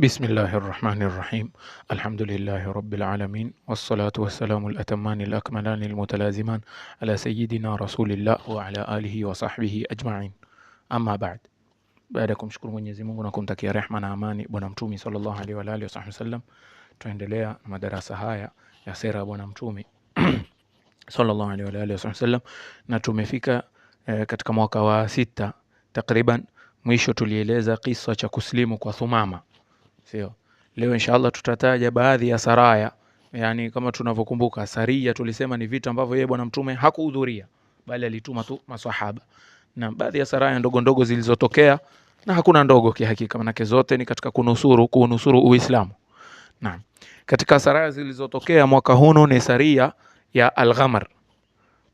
بسم الله الرحمن الرحيم الحمد لله رب العالمين والصلاة والسلام الأتمان الأكملان المتلازمان على سيدنا رسول الله وعلى آله وصحبه أجمعين أما بعد بعدكم شكر من يزمون ونكم تكي رحمن أماني بنمتومي صلى الله عليه وآله وصحبه وسلم تندليا مدرسة هاية يا سيرة بنمتومي صلى الله عليه وآله وصحبه وسلم نتومي فيك كتكموكا وستة تقريبا ميشو تليليزا قصة كسليم وثمامة sio? Leo inshallah tutataja baadhi ya saraya, yani kama tunavyokumbuka saria tulisema ni vitu ambavyo yeye bwana mtume hakuhudhuria bali alituma tu maswahaba, na baadhi ya saraya ndogo ndogo zilizotokea, na hakuna ndogo kihakika, manake zote ni katika kunusuru kunusuru Uislamu. na katika saraya zilizotokea mwaka huno ni saria ya Al-Ghamar.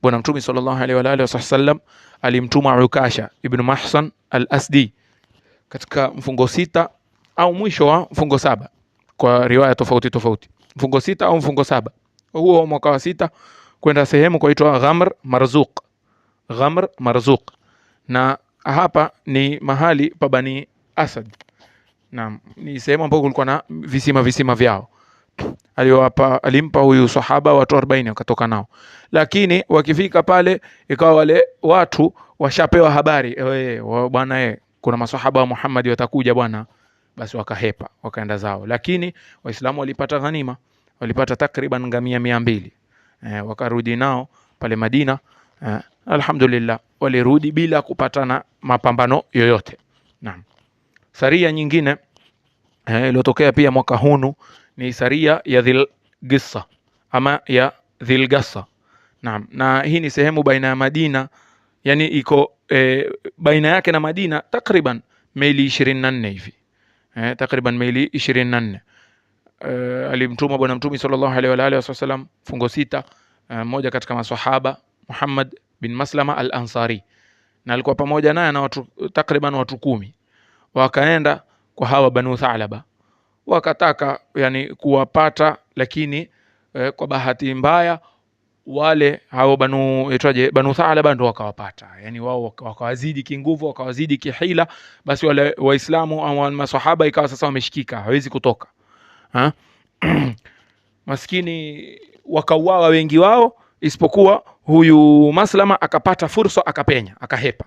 Bwana mtume sallallahu alaihi wa alihi wasallam alimtuma Ukasha ibn Mahsan al-Asdi katika mfungo sita au mwisho wa mfungo saba kwa riwaya tofauti tofauti, mfungo sita au mfungo saba huo mwaka wa sita kwenda sehemu kwaitwa Ghamr Marzuq, Ghamr Marzuq, na hapa ni mahali pa Bani Asad. na ni sehemu ambayo kulikuwa na visima visima vyao. aliyowapa alimpa huyu sahaba watu 40 wakatoka nao, lakini wakifika pale ikawa wale watu washapewa habari, bwana e, kuna masahaba wa Muhammad watakuja bwana basi wakahepa wakaenda zao, lakini Waislamu walipata ghanima, walipata takriban ngamia mia mbili e, wakarudi nao pale Madina e, alhamdulillah walirudi bila kupata na mapambano yoyote. Naam, saria nyingine eh, iliyotokea pia mwaka hunu ni saria ya Dhilgissa ama ya Dhilgassa. Naam, na hii ni sehemu baina ya Madina yani iko e, baina yake na Madina takriban maili 24 hivi eh, takriban maili ishirini na nne eh, alimtuma bwana mtume sallallahu alaihi wa alihi wasallam fungo sita. Mmoja eh, katika maswahaba Muhammad bin Maslama al-Ansari na alikuwa pamoja naye na watu takriban watu kumi wakaenda kwa hawa Banu Thalaba wakataka yani kuwapata, lakini eh, kwa bahati mbaya wale hao banu itwaje, banu Thalaba ndo wakawapata, yani wao wakawazidi kinguvu, wakawazidi kihila. Basi wale Waislamu au maswahaba ikawa sasa wameshikika, hawezi kutoka ha? Maskini wakauawa wengi wao, isipokuwa huyu Maslama akapata fursa, akapenya, akahepa.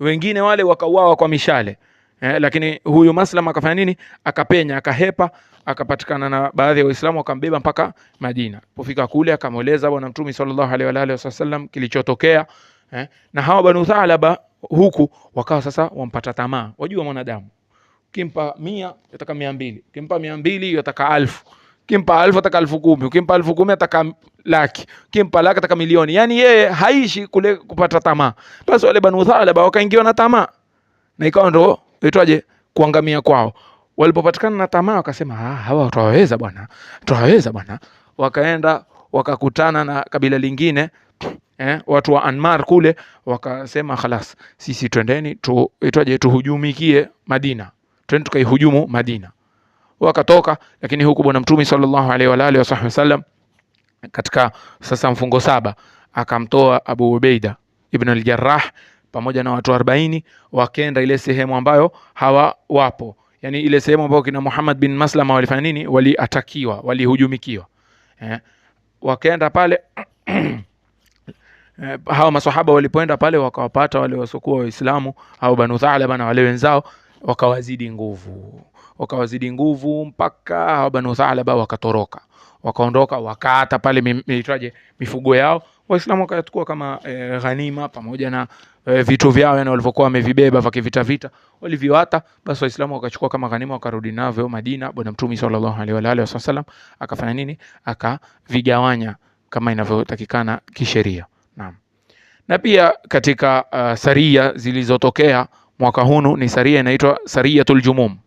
Wengine wale wakauawa kwa mishale. Eh, lakini huyu Maslama akafanya nini? Akapenya, akahepa, akapatikana na baadhi ya Waislamu akambeba mpaka Madina. Pofika kule akamweleza Bwana Mtume sallallahu alaihi wa alihi wasallam kilichotokea eh, na hawa Banu Thalaba huku wakawa sasa wampata tamaa. Wajua mwanadamu ukimpa mia yataka mia mbili ukimpa mia mbili yataka alfu ukimpa alfu ataka alfu kumi ukimpa alfu kumi ataka laki ukimpa laki ataka milioni. Yani yeye haishi kule kupata tamaa. Basi wale Banu Thalaba wakaingiwa na tamaa na ikawa ndo naitwaje kuangamia kwao. Walipopatikana na tamaa wakasema, ah, hawa tutaweza bwana, tutaweza bwana. Wakaenda wakakutana na kabila lingine eh, watu wa Anmar kule, wakasema khalas, sisi twendeni tu, itwaje tuhujumikie Madina, twende tukaihujumu Madina. Wakatoka, lakini huku bwana Mtume sallallahu alaihi wa alihi wasallam katika sasa mfungo saba akamtoa Abu Ubaida ibn al-Jarrah pamoja na watu arobaini wakaenda ile sehemu ambayo hawa wapo, yani ile sehemu ambayo kina Muhammad bin Maslama walifanya nini, waliatakiwa, walihujumikiwa eh, wakaenda pale eh, hawa maswahaba walipoenda pale wakawapata wale wasokuwa Waislamu au Banu Thalaba na wale wenzao, wakawazidi nguvu, wakawazidi nguvu mpaka hawa Banu Thalaba wakatoroka wakaondoka wakaata pale mitaje mifugo yao. Waislamu wakachukua kama e, ghanima pamoja na e, vitu vyao yani walivyokuwa wamevibeba vya kivita vita walivyoata, basi Waislamu wakachukua kama ghanima wakarudi navyo Madina. Bwana Mtume sallallahu alaihi wa alihi wasallam akafanya nini? Akavigawanya kama inavyotakikana kisheria. Naam. Na pia katika uh, saria zilizotokea mwaka hunu ni saria inaitwa Sariyatul Jumum,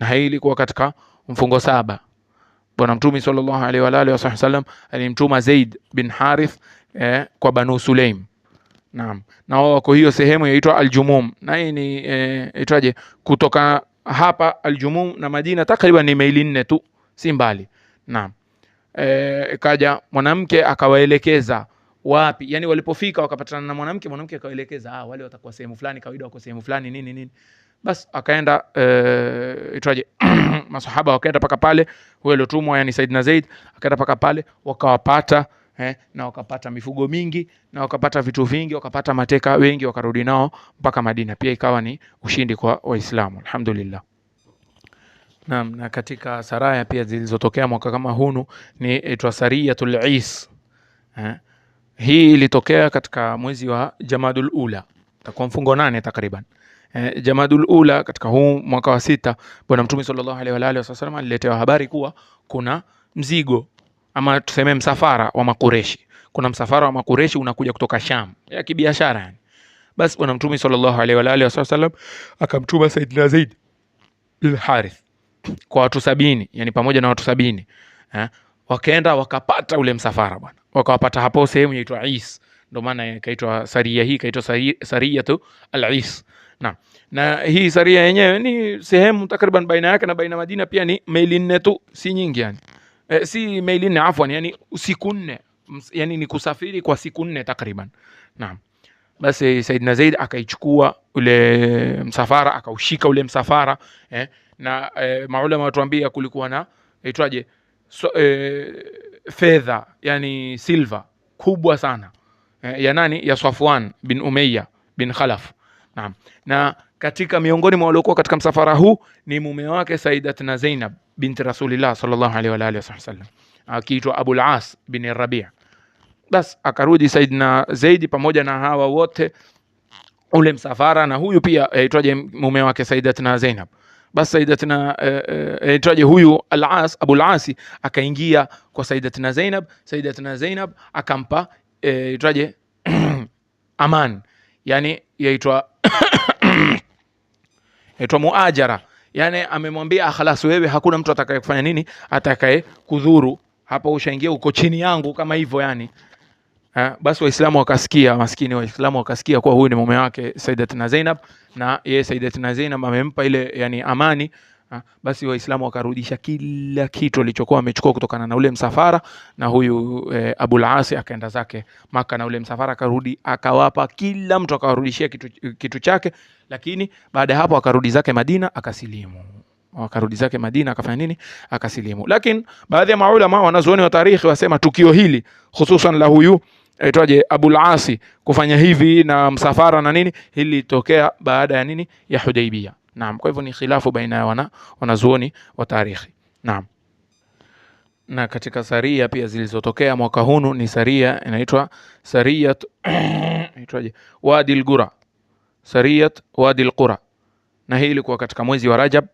na hii ilikuwa katika mfungo saba. Bwana Mtume sallallahu alaihi wa alihi wasallam alimtuma Zaid bin Harith eh, kwa Banu Sulaim. Naam, na wao wako hiyo sehemu inaitwa Aljumum na hii ni eh, itwaje kutoka hapa Aljumum na Madina takriban ni maili nne tu, si mbali. Naam. Eh, kaja mwanamke akawaelekeza wapi, yani walipofika wakapatana na mwanamke, mwanamke akawaelekeza ah, wale watakuwa sehemu fulani, kawaida wako sehemu fulani nini nini Bas akaenda uh, itwaje masahaba wakaenda paka pale, huyo aliotumwa yani Saidna Zaid akaenda paka pale wakawapata eh, na wakapata mifugo mingi na wakapata vitu vingi, wakapata mateka wengi, wakarudi nao mpaka Madina. Pia ikawa ni ushindi kwa Waislamu, alhamdulillah. Naam, na katika saraya pia zilizotokea mwaka kama hunu ni itwa Sariyatul Is eh, hii ilitokea katika mwezi wa Jamadul Ula, takuwa mfungo nane takriban. Eh, Jamadul Ula katika huu mwaka wa sita, bwana Mtume sallallahu alaihi wa alihi wasallam aliletewa habari kuwa kuna mzigo ama tuseme msafara wa Makureshi, kuna msafara wa Makureshi unakuja kutoka Sham ya kibiashara yani. Basi bwana Mtume sallallahu alaihi wa alihi wasallam akamtuma Saidina Zaid bin Harith kwa watu sabini yani pamoja na watu sabini eh, wakaenda wakapata ule msafara bwana, wakawapata hapo sehemu inaitwa Is, ndio maana ikaitwa saria hii ikaitwa sariyatu al-Is na, Na hii Saria yenyewe ni sehemu takriban baina yake na baina Madina pia ni maili nne tu, si nyingi yani. E, si maili nne afwan, yani siku nne. Yani ni kusafiri kwa siku nne takriban. Naam. Basi Saidina Zaid akaichukua ule msafara akaushika ule msafara eh, na eh, maulama watuambia kulikuwa na itwaje, so, eh, fedha yani silver kubwa sana eh, ya nani ya Safwan bin Umayya bin Khalaf Naam. Na katika miongoni mwa waliokuwa katika msafara huu ni mume wake saidatna Zainab binti Rasulillah sallallahu alaihi wa alihi wasallam akiitwa al As bin Rabi'. Bas akarudi Saidna Zaidi pamoja na hawa wote ule msafara na huyu pia aitwaje, eh, mume wake saidatna Zainab. Bas Saidatina aitwaje, eh, eh, huyu Al-As Abul Asi akaingia kwa saidatna Zainab. Saidatina Zainab akampa eh, aitwaje, eh, aman, yani yaitwa naitwa muajara yani amemwambia khalas wewe hakuna mtu atakaye kufanya nini atakaye kudhuru hapo ushaingia uko chini yangu kama hivyo yani Ha, basi Waislamu wakasikia, maskini Waislamu wakasikia kuwa huyu ni mume wake Saidatina Zainab, na yeye Saidatina Zainab amempa ile yani amani Ah, basi Waislamu wakarudisha kila kitu walichokuwa wamechukua kutokana na ule msafara, na huyu e, Abul Asi akaenda zake Maka na ule msafara akarudi, akawapa kila mtu akawarudishia kitu, kitu chake. Lakini baada ya hapo akarudi zake Madina akasilimu akarudi zake Madina akafanya nini? Akasilimu. Lakini baadhi ya maulama wanazuoni wa tarikhi wasema tukio hili hususan la huyu aitwaje Abul Asi kufanya hivi na msafara na nini, hili litokea baada ya nini, ya Hudaybiyah. Naam, kwa hivyo ni khilafu baina ya wana wanazuoni wa tarikhi. Naam. Na katika saria pia zilizotokea mwaka hunu ni saria inaitwa sariyat inaitwaje? Wadi al-Qura. Sariyat Wadi al-Qura. Na hii ilikuwa katika mwezi wa Rajab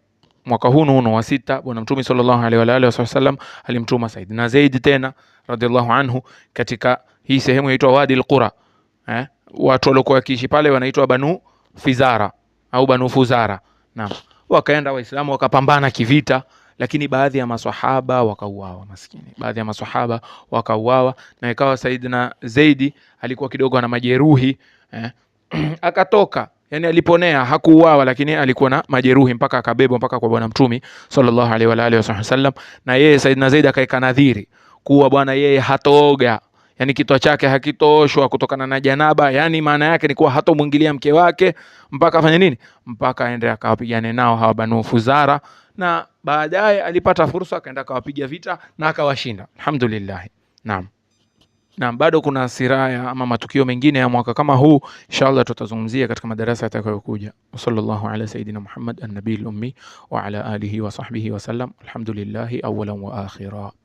mwaka huu huu wa sita. Bwana Mtume sallallahu alaihi wa alihi wasallam alimtuma na Zaid tena radhiallahu anhu katika hii sehemu inaitwa Wadi al-Qura. Eh? Watu waliokuwa wakiishi pale wanaitwa Banu Fizara au Banu Fuzara. Naam, wakaenda Waislamu wakapambana kivita, lakini baadhi ya maswahaba wakauawa, maskini, baadhi ya maswahaba wakauawa, na ikawa Saidina Zaidi alikuwa kidogo na majeruhi eh, akatoka Yani aliponea hakuuawa, lakini alikuwa na majeruhi mpaka akabebwa mpaka kwa Bwana Mtume sallallahu alaihi wa alihi wasallam, na yeye Saidina Zaid akaeka nadhiri kuwa bwana, yeye hatooga yani kichwa chake hakitoshwa kutokana na janaba, yani maana yake ni kuwa hata hatomwingilia mke wake mpaka afanye nini? Mpaka aende akawapigane nao hawa Banu Fuzara, na baadaye alipata fursa akaenda akawapiga vita na akawashinda, alhamdulillah. Naam. Na bado kuna siraya ama matukio mengine ya mwaka kama huu inshallah tutazungumzia katika madarasa yatakayokuja. Sallallahu ala sayidina Muhammad an-nabiyil ummi wa ala alihi wa sahbihi wa sallam. Alhamdulillah awwalan wa akhirah.